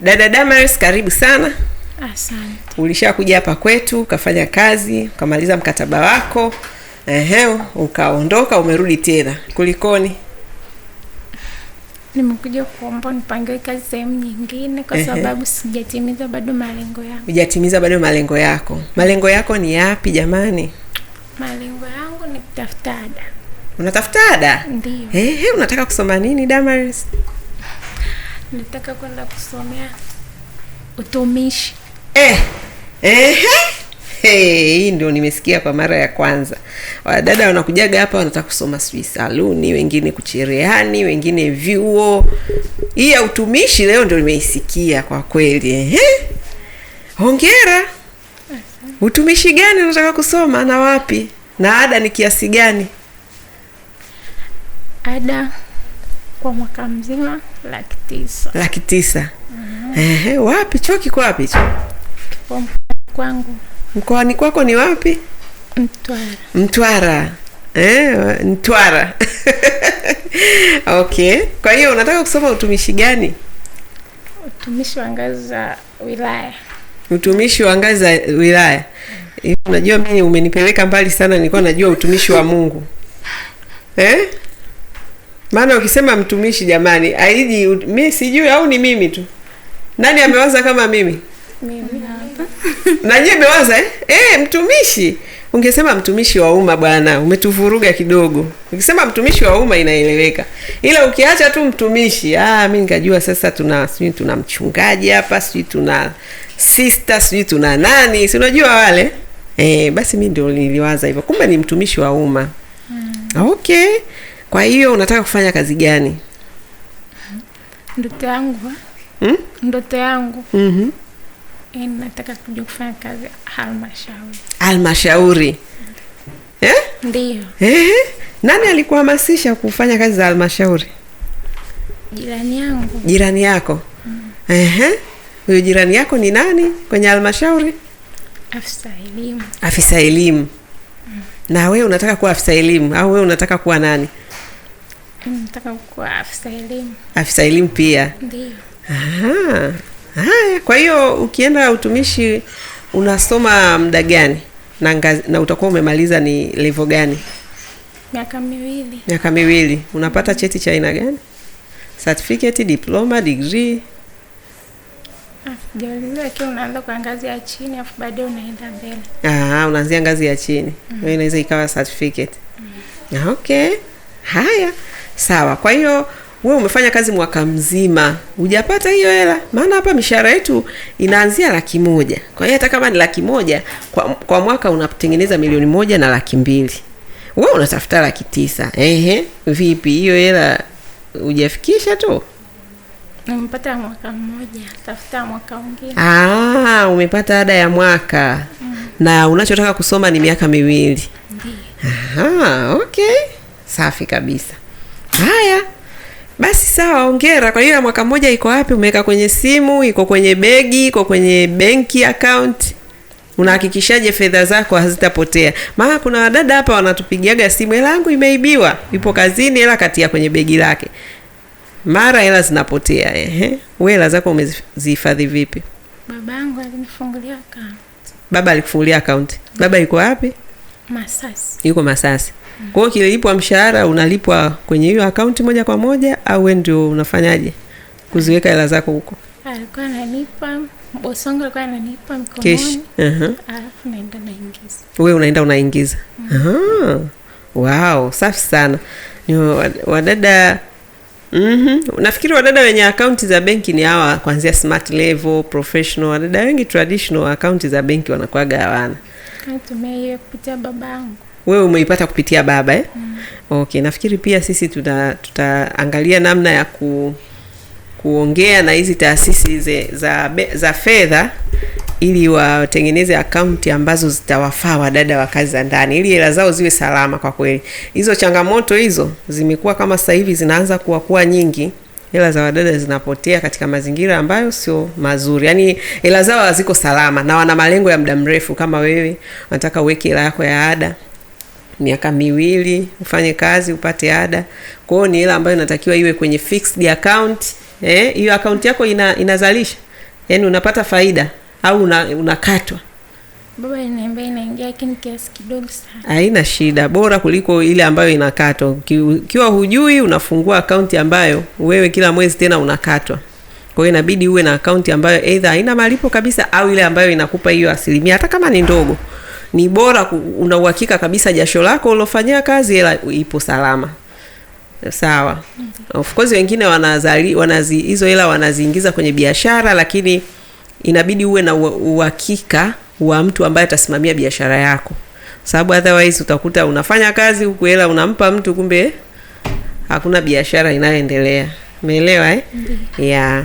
Dada Damaris, karibu sana. Asante. Ulishakuja hapa kwetu ukafanya kazi ukamaliza mkataba wako ehe, ukaondoka, umerudi tena, kulikoni? Nimekuja kuomba nipangiwe kazi sehemu nyingine kwa sababu sijatimiza bado malengo yangu. Hujatimiza bado malengo yako. Malengo yako ni yapi jamani? Malengo yangu ni kutafuta ada. Unatafuta ada? ndio Ehe, unataka kusoma nini Damaris? Nataka kwenda kusomea utumishi. Eh, eh, hii hey, ndio nimesikia kwa mara ya kwanza. Wadada wanakujaga hapa wanataka kusoma sijui saluni, wengine kuchereani wengine vyuo. Hii ya utumishi leo ndio nimeisikia kwa kweli. Eh, hongera. Utumishi gani unataka kusoma na wapi? Na ada ni kiasi gani? Ada kwa mwaka mzima laki tisa. wapi chuo kiko wapi hicho? Mkoani kwako ni wapi? Mtwara. Mtwara. Eh, Okay. Kwa hiyo unataka kusoma utumishi gani? Utumishi wa ngazi za wilaya. Utumishi wa ngazi za wilaya. Unajua mimi umenipeleka mbali sana, nilikuwa najua utumishi wa Mungu. Eh? Maana ukisema mtumishi, jamani, aiji mi sijui, au ni mimi tu? Nani amewaza kama mimi? Mimi hapa. Na nyie mmewaza eh? Eh, mtumishi. Ungesema mtumishi wa umma bwana, umetuvuruga kidogo. Ukisema mtumishi wa umma inaeleweka. Ila ukiacha tu mtumishi, ah, mimi nikajua sasa tuna sijui tuna mchungaji hapa, sijui tuna sister, sijui tuna nani, si unajua wale? Eh, basi mimi ndio niliwaza hivyo. Kumbe ni mtumishi wa umma. Hmm. Okay. Kwa hiyo unataka kufanya kazi gani? Ndoto yangu hmm? Ndoto yangu mm -hmm. Nataka kuja kufanya kazi halmashauri. Halmashauri eh? Ndiyo eh? Nani alikuhamasisha kufanya kazi za halmashauri? Jirani yangu. Jirani yako mm. eh? Jirani yako ni nani kwenye halmashauri? Afisa elimu. Afisa elimu mm. Na we unataka kuwa afisa elimu au we unataka kuwa nani? nataka kuwa afisa elimu. Afisa elimu pia? Ndiyo. Haya, kwa hiyo ukienda utumishi unasoma muda gani na ngazi, na utakuwa umemaliza ni level gani? Miaka miwili. Miaka miwili. Unapata cheti cha aina gani? Certificate, diploma, degree? Ah, unaanza ya chini afu unaanzia ngazi ya chini. Mm. Wewe inaweza ikawa certificate. Mm. Okay. Haya. Sawa. Kwa hiyo wewe umefanya kazi mwaka mzima hujapata hiyo hela, maana hapa mishahara yetu inaanzia laki moja. Kwa hiyo hata kama ni laki moja kwa, kwa mwaka unatengeneza milioni moja na laki mbili, we unatafuta laki tisa. Ehe, vipi hiyo hela hujafikisha tu? Umepata mwaka mmoja, tafuta mwaka mwingine. Ah, umepata ada ya mwaka mm. na unachotaka kusoma ni miaka miwili. Aha, okay, safi kabisa haya basi sawa, ongera. Kwa hiyo ya mwaka mmoja iko wapi? Umeweka kwenye simu, iko kwenye begi, iko kwenye benki akaunt Unahakikishaje fedha zako hazitapotea? Maana kuna wadada hapa wanatupigiaga simu, hela yangu imeibiwa, ipo kazini, hela katia kwenye begi lake, mara hela zinapotea. Ehe, wewe hela zako umezihifadhi vipi? Baba alikufungulia akaunti Baba yuko wapi? Masasi. Yuko Masasi. Kwa hiyo kilipwa mshahara unalipwa kwenye hiyo akaunti moja kwa moja au wewe ndio unafanyaje kuziweka hela zako huko? Alikuwa ananipa bosi alikuwa ananipa mkononi. Uh -huh. Alafu naenda naingiza. Wewe unaenda unaingiza. Mm. Aha. Wow, safi sana. Ni wadada Mm -hmm. Nafikiri wadada wenye akaunti za benki ni hawa kuanzia smart level, professional. Wadada wengi traditional akaunti za benki wanakuwaga hawana. Natumia hiyo kupitia babangu wewe umeipata kupitia baba eh? mm. Okay, nafikiri pia sisi tuta, tutaangalia namna ya ku, kuongea na hizi taasisi ze, za, za fedha ili watengeneze akaunti ambazo zitawafaa wadada wa kazi za ndani ili hela zao ziwe salama. Kwa kweli hizo changamoto hizo zimekuwa kama sasa hivi zinaanza kuwakuwa nyingi, hela za wadada zinapotea katika mazingira ambayo sio mazuri, yaani hela zao haziko salama, na wana malengo ya muda mrefu. Kama wewe unataka uweke hela yako ya ada miaka miwili ufanye kazi upate ada. kwao ni hela ambayo inatakiwa iwe kwenye fixed account eh, hiyo account yako ina, inazalisha yani unapata faida au una, unakatwa. Baba inaingia lakini kiasi kidogo sana. Haina shida, bora kuliko ile ambayo inakatwa. Ukiwa hujui unafungua akaunti ambayo wewe kila mwezi tena unakatwa. Kwa hiyo inabidi uwe na akaunti ambayo either haina malipo kabisa au ile ambayo inakupa hiyo asilimia hata kama ni ndogo ni bora una uhakika kabisa jasho lako ulofanyia kazi hela ipo salama sawa. Mm-hmm. Of course wengine wanazali wanazi hizo hela wanaziingiza kwenye biashara, lakini inabidi uwe na uhakika wa mtu ambaye atasimamia biashara yako, sababu otherwise utakuta unafanya kazi huku hela unampa mtu, kumbe hakuna biashara inayoendelea. Umeelewa eh? Yeah.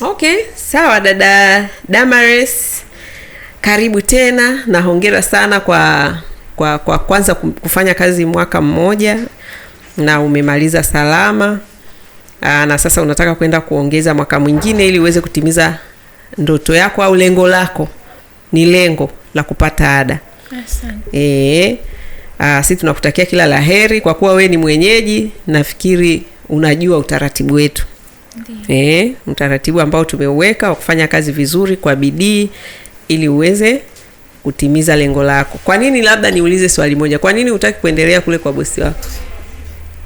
Okay, sawa dada damares karibu tena na hongera sana kwa kwa kwa kwanza kufanya kazi mwaka mmoja na umemaliza salama. Aa, na sasa unataka kwenda kuongeza mwaka mwingine ili uweze kutimiza ndoto yako au lengo lako. Ni lengo la kupata ada. Asante. E, sisi tunakutakia kila la heri kwa kuwa we ni mwenyeji, nafikiri unajua utaratibu wetu. E, ee, utaratibu ambao tumeuweka wa kufanya kazi vizuri kwa bidii ili uweze kutimiza lengo lako. Kwa nini, labda niulize swali moja, kwa nini hutaki kuendelea kule kwa bosi wako?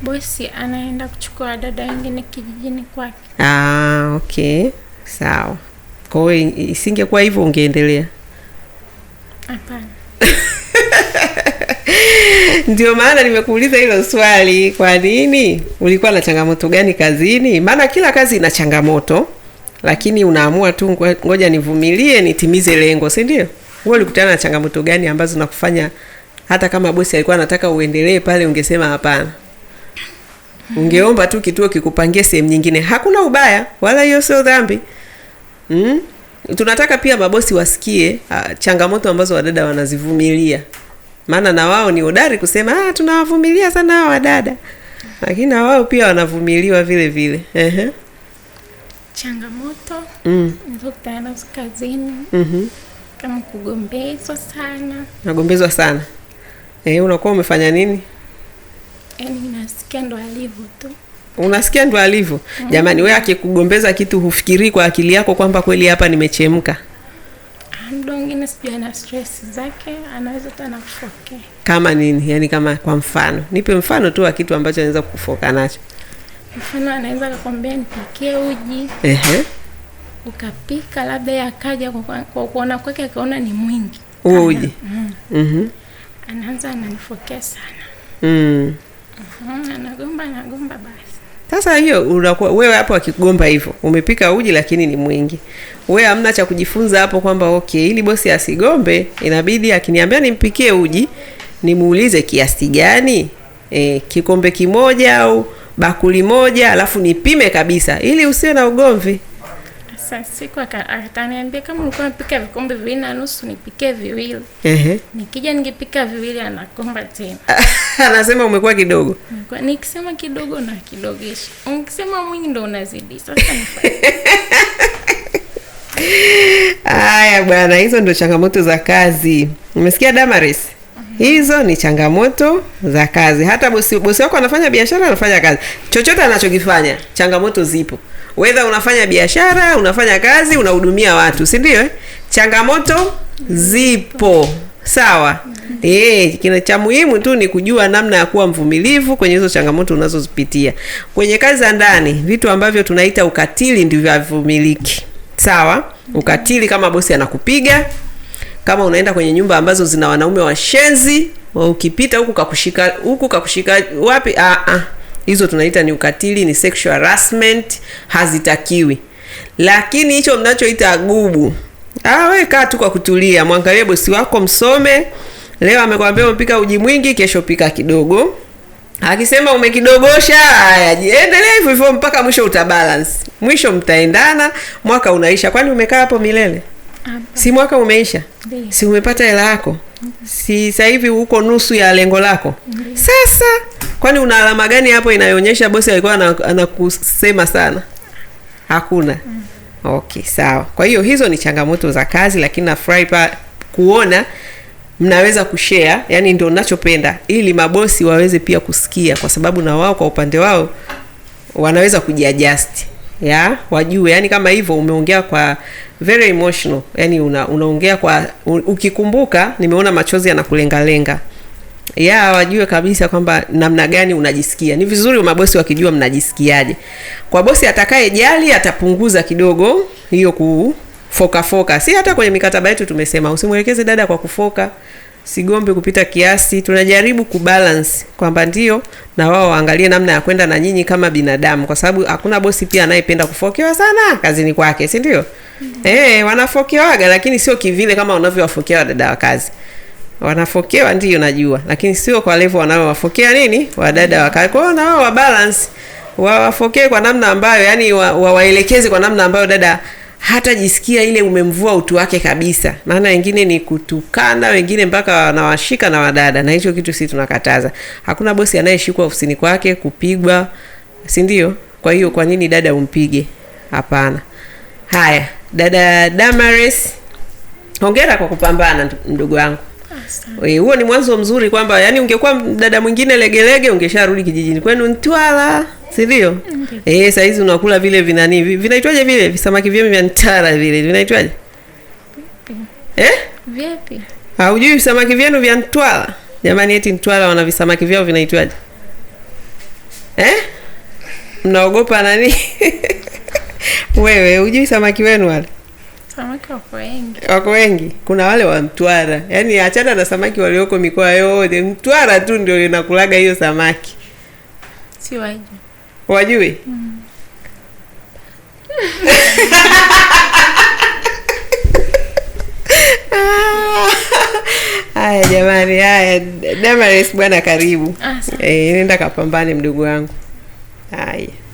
Bosi anaenda kuchukua dada wengine kijijini kwake. Ah, okay, sawa. Kwa hiyo isingekuwa hivyo ungeendelea? Hapana. Ndio maana nimekuuliza hilo swali, kwa nini? Ulikuwa na changamoto gani kazini? Maana kila kazi ina changamoto lakini unaamua tu ngoja nivumilie nitimize lengo, si ndio? Wewe ulikutana na changamoto gani ambazo nakufanya hata kama bosi alikuwa anataka uendelee pale ungesema hapana? Ungeomba tu kituo kikupangie sehemu nyingine. Hakuna ubaya wala hiyo sio dhambi. Mm? Tunataka pia mabosi wasikie uh, changamoto ambazo wadada wanazivumilia. Maana na wao ni hodari kusema ah, tunawavumilia sana hawa wadada. Lakini na wao pia wanavumiliwa vile vile. uh-huh changamoto mm. nilizokutana nazo kazini mm -hmm. kama kugombezwa sana. Nagombezwa sana eh, unakuwa umefanya nini? yani nasikia ndo alivyo tu unasikia ndo alivyo. mm -hmm. Jamani, we akikugombeza kitu hufikirii kwa akili yako kwamba kweli hapa nimechemka? Ah, muda mwingine sijui ana stress zake, anaweza hata nakufokea. Kama nini? Yani kama kwa mfano, nipe mfano tu wa kitu ambacho anaweza kufoka nacho. Mfano anaweza akakwambia nipikie uji. Ehe. Ukapika labda yeye akaja kwa kuona kwake akaona ni mwingi. Huo uji. Mm. Mhm. Anaanza ananifokea sana. Mm. Mhm, anagomba anagomba basi. Sasa hiyo unakuwa wewe hapo akigomba hivyo, umepika uji lakini ni mwingi. Wewe hamna cha kujifunza hapo kwamba okay, ili bosi asigombe, inabidi akiniambia nimpikie uji, nimuulize kiasi gani? E, kikombe kimoja au bakuli moja, alafu nipime kabisa ili usiwe na ugomvi. Siku ataniambia kama ulikuwa vikombe viwili na nusu nipikie viwili. Nikija viwili anakomba tena. Anasema umekuwa kidogo. Umekuwa nikisema kidogo na kidogesha. Ukisema mwingi ndo unazidi. Sasa Haya bwana, hizo ndo changamoto za kazi. Umesikia Damaris? Hizo ni changamoto za kazi. Hata bosi bosi wako anafanya biashara, anafanya kazi, chochote anachokifanya changamoto zipo, whether unafanya biashara, unafanya kazi, unahudumia watu, si ndio? Eh, changamoto zipo, sawa. Eh, kile cha muhimu tu ni kujua namna ya kuwa mvumilivu kwenye hizo changamoto unazozipitia. Kwenye kazi za ndani, vitu ambavyo tunaita ukatili ndivyo havumiliki, sawa. Ukatili kama bosi anakupiga kama unaenda kwenye nyumba ambazo zina wanaume washenzi, ukipita huku kakushika huku kakushika wapi? Ah, ah, hizo tunaita ni ukatili, ni sexual harassment, hazitakiwi. Lakini hicho mnachoita gubu, ah, we kaa tu kwa kutulia, mwangalie bosi wako, msome. Leo amekwambia umepika uji mwingi, kesho pika kidogo. Akisema umekidogosha, haya jiendelee hivyo hivyo mpaka mwisho, utabalance. Mwisho mtaendana, mwaka unaisha. Kwani umekaa hapo milele? si mwaka umeisha Ndiyo. si umepata hela yako si sasa hivi uko nusu ya lengo lako Ndiyo. Sasa kwani una alama gani hapo inayoonyesha bosi alikuwa anakusema sana? Hakuna. Mm. Okay, sawa. Kwa hiyo hizo ni changamoto za kazi, lakini nafurahi pa kuona mnaweza kushare, yani ndio nachopenda, ili mabosi waweze pia kusikia, kwa sababu na wao kwa upande wao wanaweza kujiadjust ya wajue, yani kama hivyo umeongea kwa very emotional, yani una, unaongea kwa ukikumbuka, nimeona machozi yanakulengalenga ya wajue kabisa kwamba namna gani unajisikia. Ni vizuri mabosi wakijua mnajisikiaje. Kwa bosi jali atapunguza kidogo hiyo kufoka foka. Si hata kwenye mikataba yetu tumesema usimwelekeze dada kwa kufoka sigombe kupita kiasi. Tunajaribu kubalance kwamba ndio na wao waangalie namna ya kwenda na nyinyi kama binadamu, kwa sababu hakuna bosi pia anayependa kufokewa sana kazini kwake, si ndio? mm -hmm. Eh, wanafokewaga lakini sio kivile kama unavyowafokea wadada wa kazi. Wanafokewa ndio najua, lakini sio kwa levo wanayowafokea nini wadada wa kazi. kwao na wao wabalance, wawafokee kwa namna ambayo yani wawaelekeze wa kwa namna ambayo dada hatajisikia ile umemvua utu wake kabisa, maana wengine ni kutukana, wengine mpaka wanawashika na wadada, na hicho kitu si tunakataza. Hakuna bosi anayeshikwa ofisini kwake kupigwa, si ndio? Kwa hiyo kwa nini dada umpige? Hapana. Haya, dada Damaris, hongera kwa kupambana, ndugu yangu. Eh, huo ni mwanzo mzuri kwamba yani ungekuwa dada mwingine legelege ungesharudi kijijini kwenu Ntwala si ndio? Eh, saa hizi unakula vile vinani vinaitwaje vile visamaki vyenu vya Ntara vile vinaitwaje? Eh? Vipi? Haujui visamaki vyenu vya Ntwala? Jamani eti Ntwala wana visamaki vyao vinaitwaje? Eh? Mnaogopa nani? Wewe hujui samaki wenu wale? Samaki wako wengi, wako wengi. Kuna wale wa Mtwara, yaani achana na samaki walioko mikoa yote, Mtwara tu ndio inakulaga hiyo samaki. Si wajui, wajui mm. jamani, haya Damaris bwana, karibu ah, e, nenda kapambane mdogo wangu. Haya.